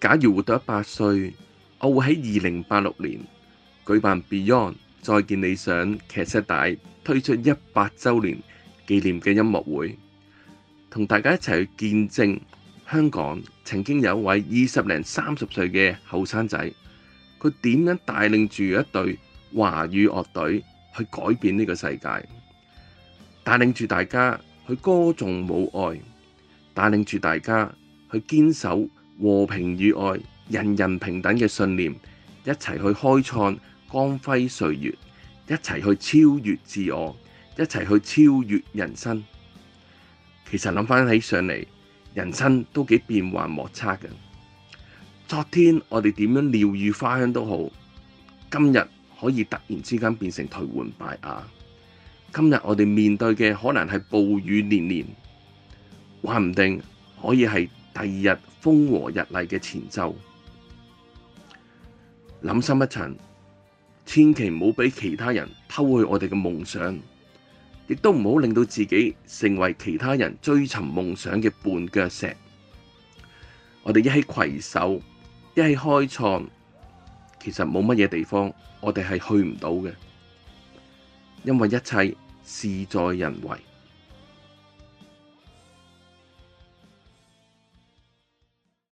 假如活到一百歲，我會喺二零八六年舉辦 Beyond 再見理想劇室大推出一百週年紀念嘅音樂會，同大家一齊去見證香港曾經有一位二十零三十歲嘅後生仔，佢點樣帶領住一隊華語樂隊去改變呢個世界，帶領住大家去歌頌母愛，帶領住大家去堅守和平與愛，人人平等嘅信念，一齊去開創光輝歲月，一齊去超越自我，一齊去超越人生。其實諗返起上嚟，人生都幾變幻莫測嘅。昨天我哋點樣鳥語花香都好，今日可以突然之間變成頹垣敗瓦。今日我哋面對嘅可能係暴雨連連，話唔定可以係。第二日風和日麗嘅前奏。諗深一層，千祈唔好俾其他人偷去我哋嘅夢想，亦都唔好令到自己成為其他人追尋夢想嘅絆腳石。我哋一起攜手，一,一起開創，其實冇乜嘢地方我哋係去唔到嘅，因為一切事在人為。